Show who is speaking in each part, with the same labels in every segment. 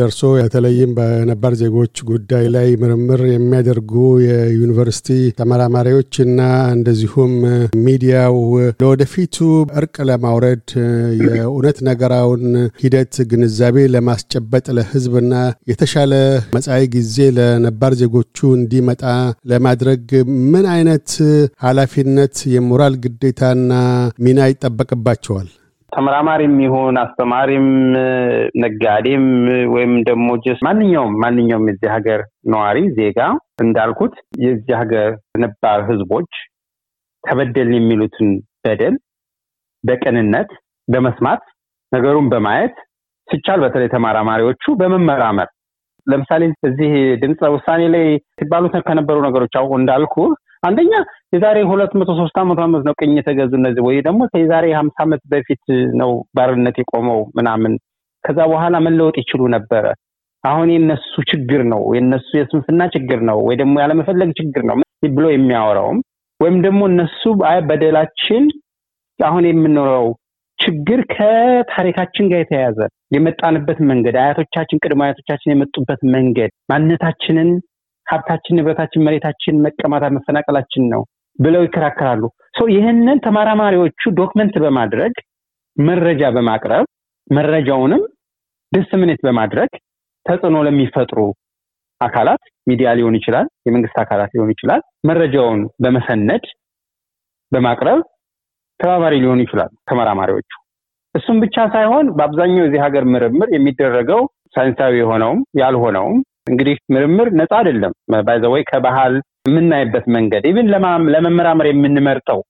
Speaker 1: ደርሶ በተለይም በነባር ዜጎች ጉዳይ ላይ ምርምር የሚያደርጉ የዩኒቨርሲቲ ተመራማሪዎች እና እንደዚሁም ሚዲያው ለወደፊቱ እርቅ ለማውረድ የእውነት ነገራውን ሂደት ግንዛቤ ለማስጨበጥ ለሕዝብና የተሻለ መጻኢ ጊዜ ለነባር ዜጎቹ እንዲመጣ ለማድረግ ምን አይነት ኃላፊነት የሞራል ግዴታና ሚና ይጠበቅባቸዋል?
Speaker 2: ተመራማሪም ይሁን አስተማሪም፣ ነጋዴም ወይም ደግሞ ጀስ ማንኛውም ማንኛውም የዚህ ሀገር ነዋሪ ዜጋ እንዳልኩት የዚህ ሀገር ነባር ህዝቦች ተበደል የሚሉትን በደል በቅንነት በመስማት ነገሩን በማየት ሲቻል በተለይ ተመራማሪዎቹ በመመራመር ለምሳሌ እዚህ ድምፀ ውሳኔ ላይ ሲባሉት ከነበሩ ነገሮች አሁ እንዳልኩ አንደኛ የዛሬ ሁለት መቶ ሶስት አመት አመት ነው ቅኝ የተገዙ እነዚህ ወይ ደግሞ የዛሬ ሀምሳ አመት በፊት ነው ባርነት የቆመው ምናምን ከዛ በኋላ መለወጥ ይችሉ ነበረ። አሁን የነሱ ችግር ነው የነሱ የስንፍና ችግር ነው ወይ ደግሞ ያለመፈለግ ችግር ነው ብሎ የሚያወራውም ወይም ደግሞ እነሱ በደላችን አሁን የምንኖረው ችግር ከታሪካችን ጋር የተያያዘ የመጣንበት መንገድ አያቶቻችን ቅድመ አያቶቻችን የመጡበት መንገድ ማንነታችንን ሀብታችን፣ ንብረታችን፣ መሬታችን መቀማታ መፈናቀላችን ነው ብለው ይከራከራሉ። ይህንን ተመራማሪዎቹ ዶክመንት በማድረግ መረጃ በማቅረብ መረጃውንም ዲስሚኔት በማድረግ ተጽዕኖ ለሚፈጥሩ አካላት ሚዲያ ሊሆን ይችላል፣ የመንግስት አካላት ሊሆን ይችላል፣ መረጃውን በመሰነድ በማቅረብ ተባባሪ ሊሆኑ ይችላሉ ተመራማሪዎቹ። እሱም ብቻ ሳይሆን በአብዛኛው የዚህ ሀገር ምርምር የሚደረገው ሳይንሳዊ የሆነውም ያልሆነውም እንግዲህ ምርምር ነፃ አይደለም። ባይዘወይ ከባህል የምናይበት መንገድ ኢቭን ለመመራመር የምንመርጠው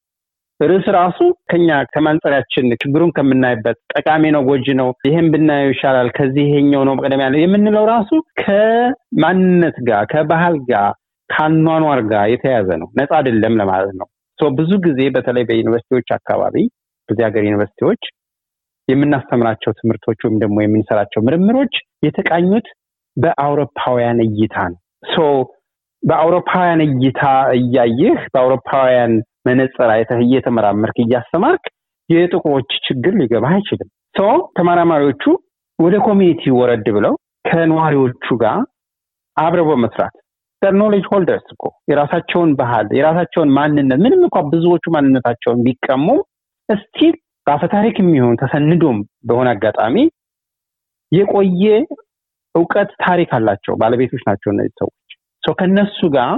Speaker 2: ርዕስ ራሱ ከኛ ከማንጸሪያችን ችግሩን ከምናይበት ጠቃሚ ነው፣ ጎጂ ነው፣ ይህም ብናየው ይሻላል፣ ከዚህ ይሄኛው ነው ቀደም ያለ የምንለው ራሱ ከማንነት ጋር ከባህል ጋር ከአኗኗር ጋር የተያዘ ነው። ነፃ አይደለም ለማለት ነው። ብዙ ጊዜ በተለይ በዩኒቨርሲቲዎች አካባቢ በዚህ ሀገር ዩኒቨርሲቲዎች የምናስተምራቸው ትምህርቶች ወይም ደግሞ የምንሰራቸው ምርምሮች የተቃኙት በአውሮፓውያን እይታ ነው። በአውሮፓውያን እይታ እያየህ በአውሮፓውያን መነጽር አይተህ እየተመራመርክ እያስተማርክ የጥቁሮች ችግር ሊገባህ አይችልም። ሶ ተመራማሪዎቹ ወደ ኮሚኒቲ ወረድ ብለው ከነዋሪዎቹ ጋር አብረው በመስራት ኖሌጅ ሆልደርስ እኮ የራሳቸውን ባህል የራሳቸውን ማንነት ምንም እንኳ ብዙዎቹ ማንነታቸውን ቢቀሙም እስቲል በአፈታሪክ የሚሆን ተሰንዶም በሆነ አጋጣሚ የቆየ እውቀት፣ ታሪክ አላቸው። ባለቤቶች ናቸው እነዚህ ሰዎች። ከነሱ ጋር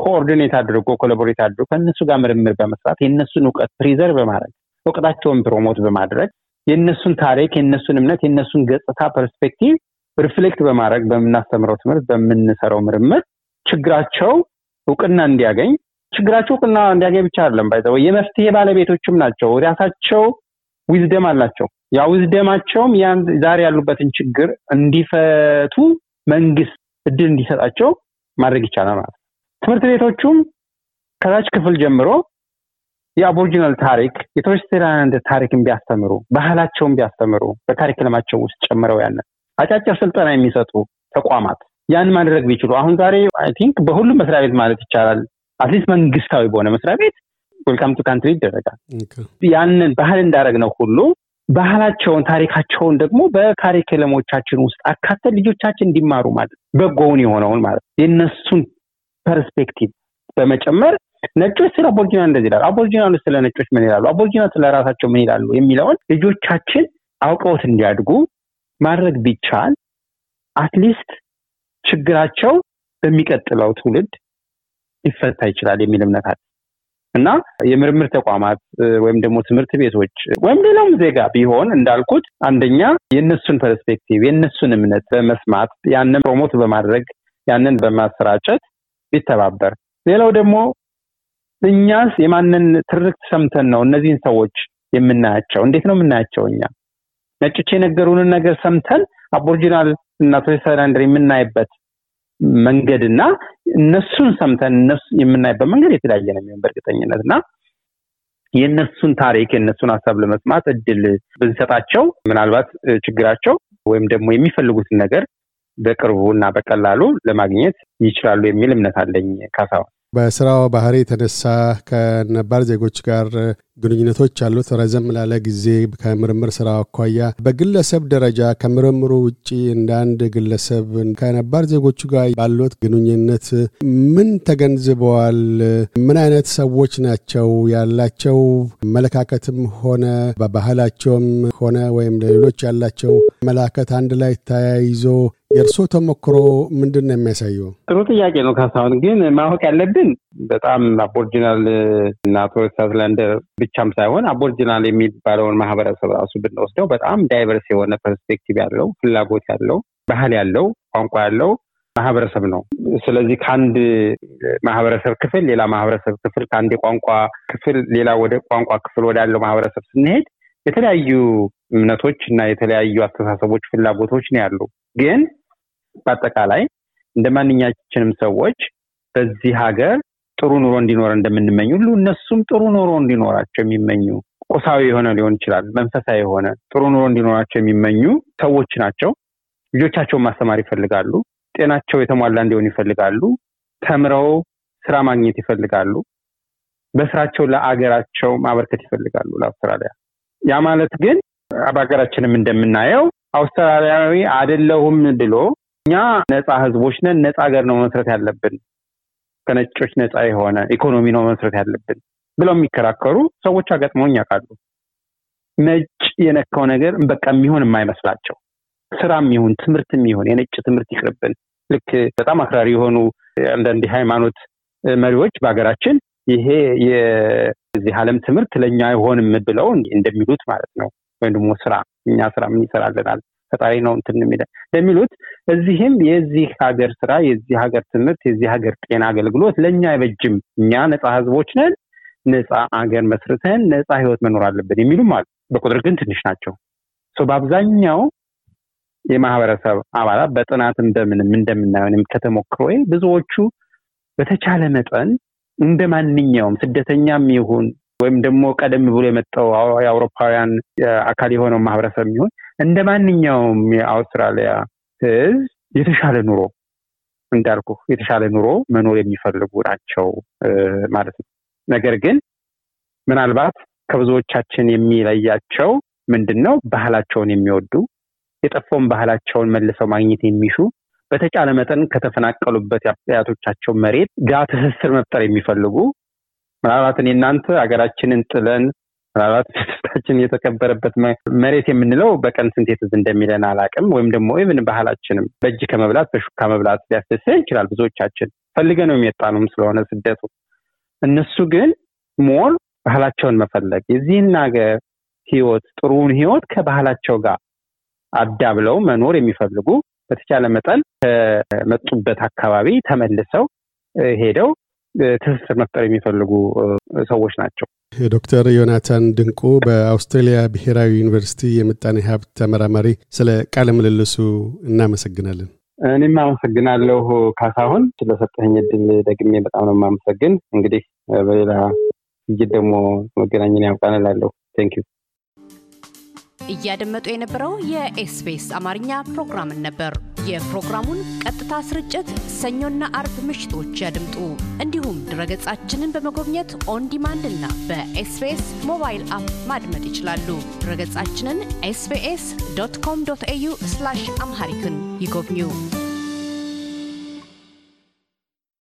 Speaker 2: ኮኦርዲኔት አድርጎ ኮላቦሬት አድርጎ ከእነሱ ጋር ምርምር በመስራት የእነሱን እውቀት ፕሪዘርቭ በማድረግ እውቀታቸውን ፕሮሞት በማድረግ የእነሱን ታሪክ፣ የእነሱን እምነት፣ የእነሱን ገጽታ ፐርስፔክቲቭ ሪፍሌክት በማድረግ በምናስተምረው ትምህርት፣ በምንሰራው ምርምር ችግራቸው እውቅና እንዲያገኝ ችግራቸው እውቅና እንዲያገኝ ብቻ አለም ባይዘው የመፍትሄ ባለቤቶችም ናቸው ራሳቸው ዊዝደም አላቸው። ያ ዊዝደማቸውም ያን ዛሬ ያሉበትን ችግር እንዲፈቱ መንግስት እድል እንዲሰጣቸው ማድረግ ይቻላል ማለት ነው። ትምህርት ቤቶቹም ከታች ክፍል ጀምሮ የአቦሪጂናል ታሪክ የቶሪስቴላንድ ታሪክን ቢያስተምሩ፣ ባህላቸውን ቢያስተምሩ በካሪክለማቸው ውስጥ ጨምረው ያለ አጫጭር ስልጠና የሚሰጡ ተቋማት ያን ማድረግ ቢችሉ አሁን ዛሬ አይ ቲንክ በሁሉም መስሪያ ቤት ማለት ይቻላል አትሊስት መንግስታዊ በሆነ መስሪያ ቤት ዌልካም ቱ ካንትሪ ይደረጋል። ያንን ባህል እንዳደረግ ነው ሁሉ ባህላቸውን ታሪካቸውን ደግሞ በካሪክለሞቻችን ውስጥ አካተ ልጆቻችን እንዲማሩ ማለት በጎውን የሆነውን ማለት የእነሱን ፐርስፔክቲቭ በመጨመር ነጮች ስለ አቦርጂና እንደዚህ ይላሉ፣ አቦርጂናኖች ስለ ነጮች ምን ይላሉ፣ አቦርጂና ስለ ራሳቸው ምን ይላሉ የሚለውን ልጆቻችን አውቀውት እንዲያድጉ ማድረግ ቢቻል አትሊስት ችግራቸው በሚቀጥለው ትውልድ ሊፈታ ይችላል የሚል እምነት አለ። እና የምርምር ተቋማት ወይም ደግሞ ትምህርት ቤቶች ወይም ሌላውም ዜጋ ቢሆን እንዳልኩት አንደኛ የእነሱን ፐርስፔክቲቭ የእነሱን እምነት በመስማት ያንን ፕሮሞት በማድረግ ያንን በማሰራጨት ቢተባበር፣ ሌላው ደግሞ እኛስ የማንን ትርክት ሰምተን ነው እነዚህን ሰዎች የምናያቸው? እንዴት ነው የምናያቸው? እኛ ነጭቼ የነገሩንን ነገር ሰምተን አቦርጂናል እና ቶሳላንድር የምናይበት መንገድና እነሱን ሰምተን እነሱ የምናይበት መንገድ የተለያየ ነው የሚሆን በእርግጠኝነት እና የእነሱን ታሪክ የእነሱን ሀሳብ ለመስማት እድል ብንሰጣቸው ምናልባት ችግራቸው ወይም ደግሞ የሚፈልጉትን ነገር በቅርቡ እና በቀላሉ ለማግኘት ይችላሉ የሚል እምነት አለኝ ካሳሁን
Speaker 1: በስራው ባህሪ የተነሳ ከነባር ዜጎች ጋር ግንኙነቶች አሉት። ረዘም ላለ ጊዜ ከምርምር ስራ አኳያ በግለሰብ ደረጃ ከምርምሩ ውጭ እንደ አንድ ግለሰብ ከነባር ዜጎቹ ጋር ባሉት ግንኙነት ምን ተገንዝበዋል? ምን አይነት ሰዎች ናቸው? ያላቸው መለካከትም ሆነ በባህላቸውም ሆነ ወይም ሌሎች ያላቸው መላከት አንድ ላይ ተያይዞ የእርስዎ ተሞክሮ ምንድን ነው የሚያሳየው?
Speaker 2: ጥሩ ጥያቄ ነው ካሳሁን። ግን ማወቅ ያለብን በጣም አቦርጂናል እና ቶሬስ ብቻም ሳይሆን አቦርጂናል የሚባለውን ማህበረሰብ ራሱ ብንወስደው በጣም ዳይቨርስ የሆነ ፐርስፔክቲቭ ያለው ፍላጎት ያለው ባህል ያለው ቋንቋ ያለው ማህበረሰብ ነው። ስለዚህ ከአንድ ማህበረሰብ ክፍል ሌላ ማህበረሰብ ክፍል ከአንድ የቋንቋ ክፍል ሌላ ወደ ቋንቋ ክፍል ወዳለው ማህበረሰብ ስንሄድ የተለያዩ እምነቶች እና የተለያዩ አስተሳሰቦች፣ ፍላጎቶች ነው ያሉ ግን በአጠቃላይ እንደ ማንኛችንም ሰዎች በዚህ ሀገር ጥሩ ኑሮ እንዲኖር እንደምንመኝ ሁሉ እነሱም ጥሩ ኑሮ እንዲኖራቸው የሚመኙ ቁሳዊ የሆነ ሊሆን ይችላል፣ መንፈሳዊ የሆነ ጥሩ ኑሮ እንዲኖራቸው የሚመኙ ሰዎች ናቸው። ልጆቻቸውን ማስተማር ይፈልጋሉ። ጤናቸው የተሟላ እንዲሆን ይፈልጋሉ። ተምረው ስራ ማግኘት ይፈልጋሉ። በስራቸው ለአገራቸው ማበርከት ይፈልጋሉ፣ ለአውስትራሊያ። ያ ማለት ግን በሀገራችንም እንደምናየው አውስትራሊያዊ አደለሁም ብሎ እኛ ነፃ ህዝቦች ነን። ነፃ ሀገር ነው መስረት ያለብን፣ ከነጮች ነፃ የሆነ ኢኮኖሚ ነው መስረት ያለብን ብለው የሚከራከሩ ሰዎች አጋጥመውኝ ያውቃሉ። ነጭ የነካው ነገር በቃ የሚሆን የማይመስላቸው ስራም ይሁን ትምህርትም ይሁን የነጭ ትምህርት ይቅርብን። ልክ በጣም አክራሪ የሆኑ አንዳንድ ሃይማኖት መሪዎች በሀገራችን ይሄ የዚህ አለም ትምህርት ለእኛ አይሆንም ብለው እንደሚሉት ማለት ነው። ወይም ደግሞ ስራ እኛ ስራ ምን ይሰራልናል ፈጣሪ ነው እንትን ለሚሉት እዚህም የዚህ ሀገር ስራ፣ የዚህ ሀገር ትምህርት፣ የዚህ ሀገር ጤና አገልግሎት ለእኛ አይበጅም፣ እኛ ነፃ ህዝቦች ነን፣ ነፃ ሀገር መስርተን ነፃ ህይወት መኖር አለብን የሚሉም አሉ። በቁጥር ግን ትንሽ ናቸው። በአብዛኛው የማህበረሰብ አባላት በጥናት በምንም እንደምናየንም ከተሞክሮ ብዙዎቹ በተቻለ መጠን እንደ ማንኛውም ስደተኛም ይሁን ወይም ደግሞ ቀደም ብሎ የመጣው የአውሮፓውያን አካል የሆነው ማህበረሰብ ይሁን እንደ ማንኛውም የአውስትራሊያ ህዝብ የተሻለ ኑሮ እንዳልኩ የተሻለ ኑሮ መኖር የሚፈልጉ ናቸው ማለት ነው። ነገር ግን ምናልባት ከብዙዎቻችን የሚለያቸው ምንድን ነው? ባህላቸውን የሚወዱ የጠፋውን ባህላቸውን መልሰው ማግኘት የሚሹ በተጫለ መጠን ከተፈናቀሉበት የአያቶቻቸው መሬት ጋር ትስስር መፍጠር የሚፈልጉ ምናልባት እኔ እናንተ ሀገራችንን ጥለን ምናልባት ባህላችን የተከበረበት መሬት የምንለው በቀን ስንት ትዝ እንደሚለን አላቅም። ወይም ደግሞ ኢቭን ባህላችንም በእጅ ከመብላት በሹካ መብላት ሊያስደስተን ይችላል። ብዙዎቻችን ፈልገ ነው የሚወጣ የሚወጣነውም ስለሆነ ስደቱ እነሱ ግን ሞር ባህላቸውን መፈለግ የዚህን ሀገር ህይወት ጥሩውን ህይወት ከባህላቸው ጋር አዳብለው መኖር የሚፈልጉ በተቻለ መጠን ከመጡበት አካባቢ ተመልሰው ሄደው ትስስር መፍጠር የሚፈልጉ ሰዎች ናቸው።
Speaker 1: ዶክተር ዮናታን ድንቁ በአውስትሬሊያ ብሔራዊ ዩኒቨርሲቲ የምጣኔ ሀብት ተመራማሪ፣ ስለ ቃለ ምልልሱ እናመሰግናለን።
Speaker 2: እኔም አመሰግናለሁ ካሳሁን ስለሰጠኝ እድል ደግሜ በጣም ነው የማመሰግን። እንግዲህ በሌላ እጅት ደግሞ መገናኘን ያብቃን እላለሁ። ቴንክ ዩ። እያደመጡ የነበረው የኤስቢኤስ አማርኛ ፕሮግራምን ነበር። የፕሮግራሙን ቀጥታ ስርጭት ሰኞና አርብ ምሽቶች ያድምጡ። እንዲሁም ድረገጻችንን በመጎብኘት ኦን እና በኤስቢኤስ ሞባይል አፕ ማድመጥ ይችላሉ። ድረገጻችንን ኤስቢኤስ ዶት ኮም ዶት ኤዩ አምሃሪክን ይጎብኙ።